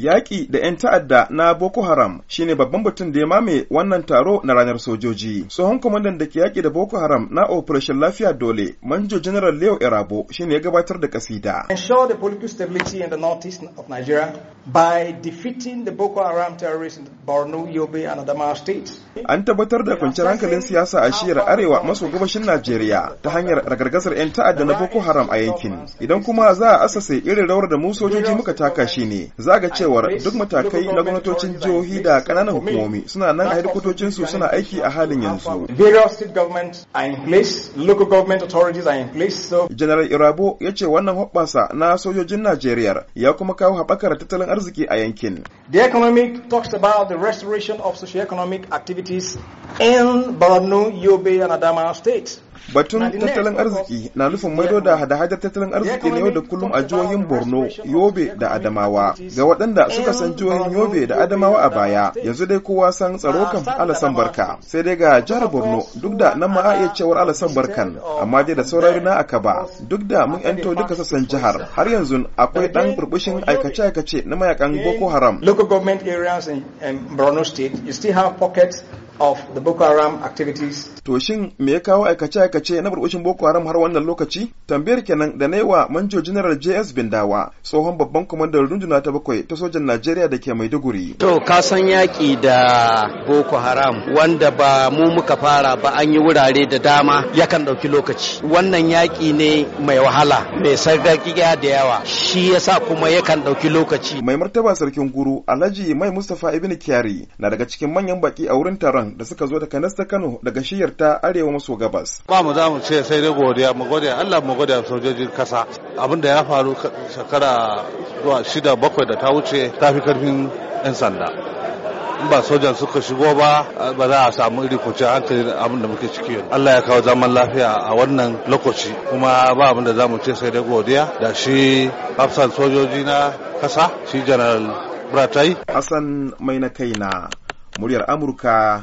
Yaƙi da 'yan ta'adda na Boko Haram shine babban batun da ya mame wannan taro na ranar sojoji. Tsohon kwamandan da ke yaƙi da Boko Haram na Operation Lafiya Dole, Manjo General Leo Erabo shine ya gabatar da kasida. Ensure the political stability in of Nigeria by the Boko Haram terrorists Borno, Yobe An tabbatar da kwanciyar hankalin siyasa a shiyar arewa maso gabashin Najeriya ta hanyar ragargazar 'yan ta'adda na Boko Haram a yankin. Idan kuma za a asase irin rawar da mu sojoji muka taka shi ne, za ga cewa cewar duk matakai na gwamnatocin jihohi da ƙananan hukumomi suna nan a hedikwatocinsu suna aiki a halin yanzu. General Irabo ya ce wannan hoɓɓasa na sojojin Najeriya ya kuma kawo haɓakar tattalin arziki a yankin. The economic talks about the restoration of socio-economic activities in Borno, Yobe, and Adamawa states. Batun tattalin arziki na nufin maido da hada-hadar tattalin arziki na yau da kullum a jihohin Borno, Yobe da Adamawa. Ga waɗanda suka san jihohin Yobe da Adamawa a baya, yanzu dai kowa san tsaro kan alasan barka. Sai dai ga jihar Borno duk da nan ma a iya cewar alasan barkan, amma dai da saurari na aka ba. Duk da mun yanto duka sassan jihar, har yanzu akwai ɗan burbushin aikace-aikace na mayakan Boko eh, Haram. Local government areas in, in Borno state, you still have pockets of the Boko Haram activities. To shin me ya kawo aikace-aikace na burbushin Boko Haram har wannan lokaci? Tambayar kenan da na yi wa Manjo General JS Bindawa, tsohon babban kwamandan runduna ta bakwai ta sojan Najeriya da ke Maiduguri. To ka san yaƙi da Boko Haram wanda ba mu muka fara ba an yi wurare da dama yakan ɗauki lokaci. Wannan yaƙi ne mai wahala, mai sarƙaƙiya da yawa. Shi yasa kuma yakan ɗauki lokaci. Mai martaba sarkin guru Alhaji Mai Mustapha Ibn Kyari na daga cikin manyan baƙi a wurin taron musamman da suka zo daga Nasta Kano daga shiyar ta arewa maso gabas. Ba mu za mu ce sai dai godiya mu gode Allah mu godiya sojojin kasa abin ya faru shekara zuwa shida bakwai da ta wuce ta fi karfin 'yan sanda. In ba sojan suka shigo ba ba za a samu iri ce hankali abin da muke ciki Allah ya kawo zaman lafiya a wannan lokaci kuma ba abin da za mu ce sai dai godiya da shi hafsan sojoji na kasa shi general Buratai. Hassan mai na kaina muryar Amurka